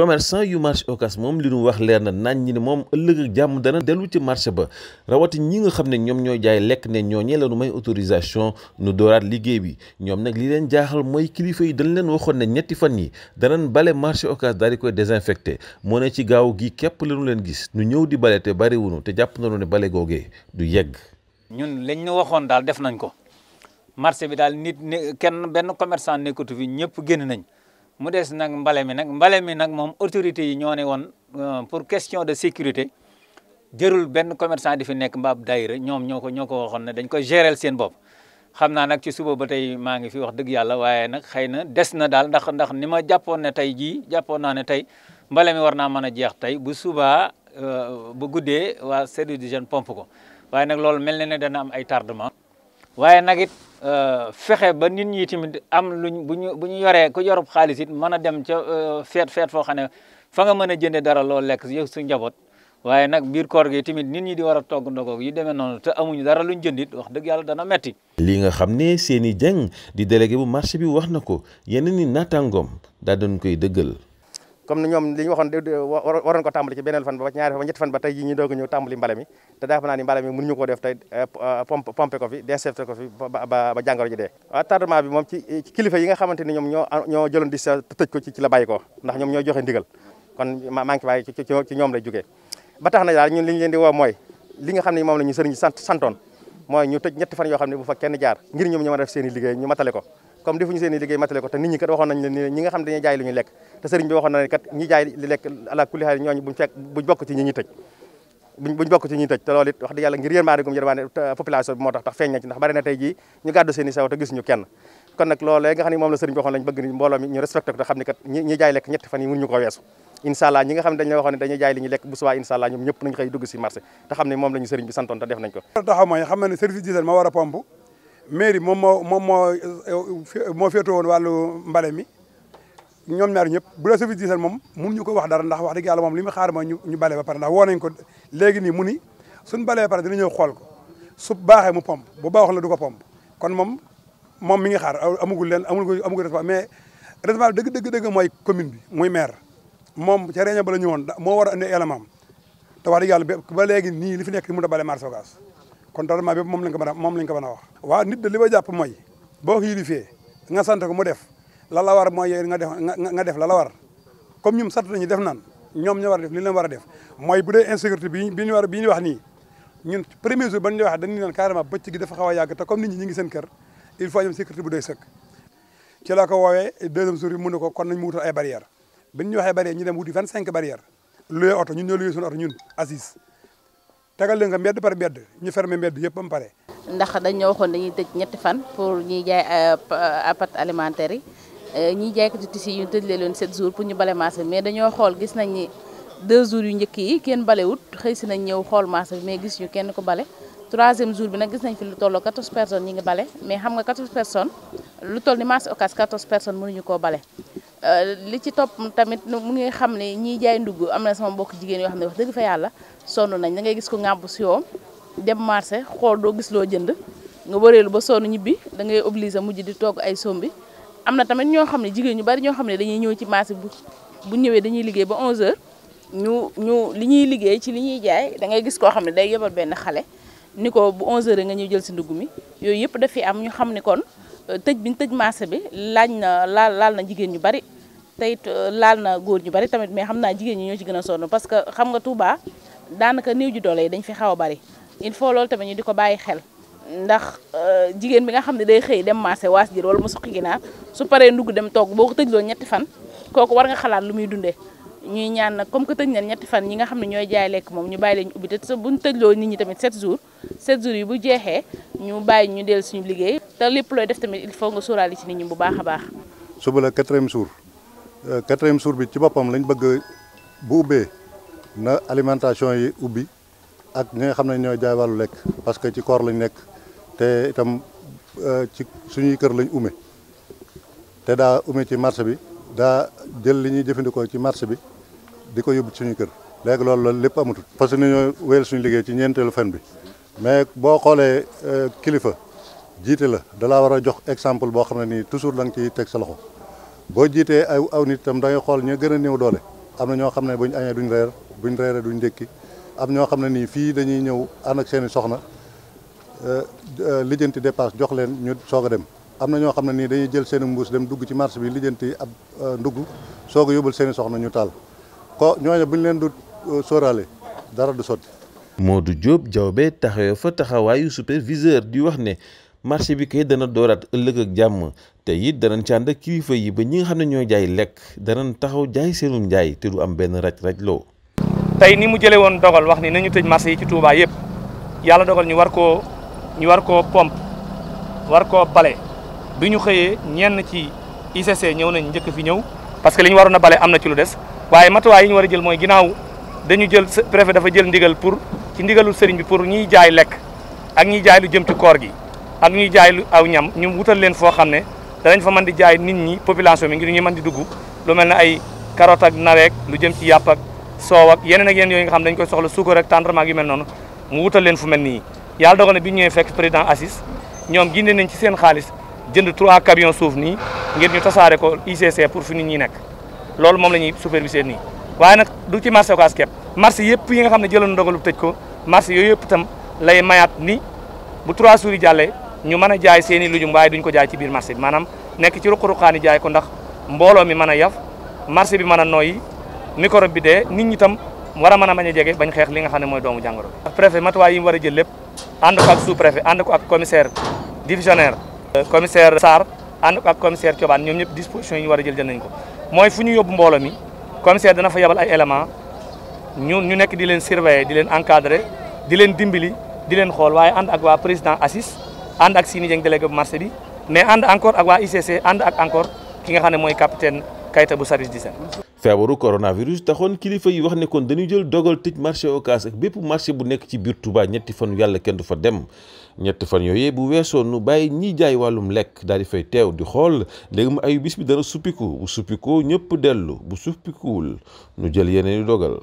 commerçant yu marché Ocass moom li nu wax leer na nañ ñi ne moom ëllëg ak jàmm dana dellu ci marché ba rawati ñi nga xam ne ñoom ñooy jaay lekk ne ñoo ñooñee la nu may autorisation nu dooraat liggéey bi ñoom nag li leen jaaxal mooy kilifa yi dañ leen waxoon ne ñetti fan yi danañ bale marché Ocass daal di koy moo ci gaaw gi képp lañu leen gis nu ñëw di bale te te jàpp nañu ne bale googee du yegg ñun lañ ñu waxoon daal def nañ ko marché bi daal nit kenn benn commerçant nekkatu fi ñëpp génn nañ mu des nag mbale mi nag mbale mi nag moom autorité yi ñoo ne woon euh, pour question de sécurité jërul benn commerçant di fi nekk mbaab daayira ñoom ñoo ko ñoo ko waxoon ne dañ ko gérer seen bopp. xam naa nag ci suba ba tey maa ngi fi wax dëgg yàlla waaye nag xëy na des na daal ndax ndax ni ma jàppoon ne tey jii jàppoon naa ne tey mbale mi war naa mën a jeex tey bu subaa euh, bu guddee waa service d'hygiène pomp ko waaye nag loolu mel na ne dana ay tardement. waaye nag it euh, fexe ba nit ñi tamit am luñ bu ñu bu ñu yoree ku yorub xaalis it mën a dem ca euh, feet feet foo xam ne fa nga mën a jëndee dara loo lekk yëg su njaboot waaye nag biir koor gi tamit nit ñi di war a togg ndogoog yu demee noonu te amuñu dara luñ jëndit wax dëgg yàlla dana metti lii nga xam ne Seny Dieng di délégué bu marché bi wax na ko yeneen i naataangoom daa doon koy dëggal. comme ñoom li ñu waxoon waroon ko tàmbali ci beneen fan ba ñaari fan ba ñetti fan ba tey ñu doog a ñëw tàmbali mbale mi te dafa naa ko def eh, eh, pompe ko fi desinfecté ko fi ba ba ji dee attardement bi moom ci ci kilifa yi nga xamante ni ñoom ñoo ah, ñoo jëloon ñoo joxe ndigal kon maa ngi bàyyi ci ñoom lay jógee ba tax na daal ñun li ñu leen di woo mooy li nga xam ne ñu sëriñ sant santoon ñu tëj ñetti fan yoo xam ne bu fa kenn jaar ngir ñu mën a def seen i ñu matale ko comme defuñu seen i liggéey matale ko te ñi kat waxoon ñi nga xam dañuy jaay lu ñu lekk te sëriñ bi waxoon kat ñi jaay li lekk ala kulli ni mbooloo ñu ko te xam ñi nga xam ne dañ la waxoon ne dañuy ñu lekk bu subaa incha ñëpp nañ xëy dugg si marché xam ne moom la ñu sëriñ bi santoon te def nañ ko mairie moom moo moom moo eh, moo féetoo woon wàllu mbale mi ñoom ñaar ñëpp bu la service d'hygiène moom mënuñu ko wax dara ndax wax dëgg yàlla moom li mu xaar moo ñu bale ba pare ndax woo nañ ko léegi nii mu ni suñ balee ba pare dina ñëw xool ko su baaxee mu pompe bu baaxul la du ko pompe kon moom moom mi ngi xaar amugul leen amul amugul responsable mais responsable dëgg dëgg dëgg mooy commune bi muy maire moom ca réunion ba la ñëwoon moo war a indi élément am te wax dëgg yàlla ba léegi nii li fi nekk di mun a kon traitement bépp mom lañ ko mëna mom lañ ko mëna wax wa nit de li ba japp moy bo xiilifee nga sant ko mu def la la war mooy nga def nga def la la war comme ñum sat nañu def nan ñom ñu war def li leen wara def moy bu dé insécurité bi bi ñu war bi ñu wax ni ñun premier jour ba ñu wax dañ ni nan carrément bëcc gi dafa xawa yag ta comme nit ñi ñu ngi seen kër il faut ñoom sécurité bu doy sëkk ci la ko wowe deuxième jour yi mu ne ko kon nañ mu wutal ay barrière bi ñu waxe barrière ñu dem wuti 25 barrière luyee auto ñun ñoo luyee sun auto ñun Aziz tegal leen nga mbedd par mbedd ñu fermer mbedd yëpp ba mu pare. ndax dañoo waxoon dañuy tëj ñetti fan pour ñiy jaay euh, pâtes alimentaires yi. Euh, ñiy jaaykati tissu yi ñu tëj leen 7 jours pour ñu bale marché bi mais dañoo xool gis nañ ni 2 jours yu njëkk yi kenn balewut xëy si nañ ñëw xool marché bi mais gis ñu kenn ko bale. troisième jour bi nag gis nañ fi lu tolloo 14 personnes ñi ngi bale mais xam nga 14 personnes lu toll ni marché Ocass 14 personnes mënuñu koo bale. Euh, li ci topp mu ngi xam ne ñiy jaay ndugg na sama mbokk jigéen yoo xam ne wax dëgg fa yàlla sonn nañ da ngay gis ko ŋàbb si yoom dem marché xool doo gis loo jënd nga wëreelu ba sonn ñibbi da ngay obligé mujj di togg ay sombi am na tamit ñoo xam ne jigéen ñu bari ñoo xam ne dañuy ñëw ci marché bu bu ñëwee dañuy liggéey ba 11 ñu ñu li ñuy liggéey ci li ñuy jaay da ngay gis koo xam ne day yebal benn xale ni ko bu 11 nga ñëw jël si ndugg mi yooyu yëpp daf fi am ñu xam ne kon euh, tëj biñ tëj marché bi laaj na laal laal na jigéen ñu bari te it euh, laal na góor ñu bari tamit mais naa jigéen ñi ñoo ci gën a sonn parce que xam nga tubaa daanaka néew ji doole yi dañ fi xaw a bari il faut loolu tamit ñu di ko bàyyi xel ndax euh, jigéen bi nga xam ne day xëy dem marché waas jër wala mu suqi ginaar su paree ndugg dem toog boo ko tëjloo ñetti fan kooku war nga xalaat lu muy dundee ñuy ñaan nag comme que tëj nañ ñetti fan ñi nga xam ne ñooy jaay lekk moom ñu bàyyi leen ubbi te buñ tëjloo nit ñi tamit 7 jours 7 jours yi bu jeexee ñu bàyyi ñu dellu suñu liggéey te lépp looy def tamit il faut nga sóoraale ci nit ñi bu baax a baax. suba la quatrième jour euh, quatrième jour bi ci boppam lañ bëgg bu ubbee na alimentation yi ubbi ak ñi nga xam ne ñoo jaay wàllu lekk parce que ci koor lañ nekk te itam euh, ci suñuy kër lañ ume te daa ume ci marché bi daa jël li ñuy jëfandikoo ci marché bi di ko yóbbu ci suñuy kër léegi loolu loolu lépp amatul parce que ni ñoo wéyal suñu liggéey ci ñeenteelu fen bi mais boo xoolee euh, kilifa jiite la da laa war a jox exemple boo xam ne nii toujours da nga ciy teg sa loxo boo jiitee aw aw nit itam da xool ña gën a néew doole am na ñoo xam ne bu ñu añee duñ buñ reere duñ ndékki am ñoo xam ne nii fii dañuy ñëw ànd ak seen i soxna euh, euh, lijjanti dépasse jox leen ñu soog a dem am na ñoo xam ne nii dañuy jël seen i mbuus dem dugg ci marché bi lijjanti ab euh, ndugg soog a seeni soxna ñu taal ko ñooñu buñ leen du sóoraale dara du sotti. du jóob Diaobé taxawee fa taxawaayu superviseur di wax ne marché bi kay dana dooraat ëllëg ak jàmm te it danañ ci ànd ak kilifa yi ba ñi nga xam ne ñoo jaay lekk danañ taxaw jaay seenum jaay te du am benn raj raj loo tey ni mu jëlee woon dogal wax ni nañu tëj marché yi ci Touba yëpp yàlla dogal ñu war koo ñu war koo pompe war koo bale bi ñu xëyee ñenn ci ICC ñëw nañ njëkk fi ñëw parce que li ñu waroon a bale am na ci lu des waaye matuwaay yi ñu war a jël mooy ginnaaw dañu jël préfet dafa jël ndigal pour ci ndigalul sëriñ bi pour ñiy jaay lekk ak ñiy jaay lu jëm ci koor gi ak ñuy jaay lu aw ñam ñu wutal leen foo xam ne danañ fa mën di jaay nit ñi population bi ngir ñu mën di dugg lu mel ne ay carotte naweek lu jëm ci yàpp ak soow ak yeneen ak yeneen yooyu nga xam dañ koy soxla suukar ak tendrement yu noonu mu wutal leen fu mel nii yàlla dogal na bi ñu ñëwee fekk président Assis ñoom ginde nañ ci seen xaalis jënd trois camions suuf nii ngir ñu tasaare ko ICC pour fu nit ñi nekk loolu moom la ñuy superviser nii waaye nag du ci marché Ocass kepp marché yëpp yi nga xam ne jëloon dogalu tëj ko marché yooyu yëpp tam lay mayaat ni bu trois jours yi ñu mën a jaay seen i lujum waaye duñ ko jaay ci biir marché bi maanaam nekk ci ruq-ruqaan yi jaay ko ndax mbooloo mi mën a yaf marché bi mën a nooyi microbe bi dee nit ñi tam war a mën a bañ a jege bañ xeex li nga xam ne mooy doomu jàngoro bi. préfet matuwaay yi mu war a jël lépp ànd ko ak sous préfet ànd ko ak commissaire divisionnaire. Euh, commissaire Sarr ànd ko ak commissaire Thioban ñoom ñëpp disposition yi ñu war a jël jël nañ ko mooy fu ñu yóbbu mbooloo mi commissaire dana fa yabal ay éléments ñu ñu nekk di leen surveiller di leen encadrer di leen dimbali di leen xool waaye ànd ak waa président Assis ànd ak Sini Dieng délégué bi mais ànd encore ak waa ICC ànd ak encore ki nga xam ne mooy capitaine Kayta bu service d'hygiène feebaru coronavirus taxoon kilifa yi wax ne kon dañuy jël dogal tëj marché Ocass ak bépp marché bu nekk ci biir Touba ñetti fanu yàlla kenn du fa dem ñetti fan yooyu bu weesoo nu bàyyi ñiy jaay wàllum lekk daal di fay teew di xool léegi ma ayu bis bi dana suppiku bu suppikoo ñëpp dellu bu suppikuwul nu jël yeneen i dogal.